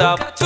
up.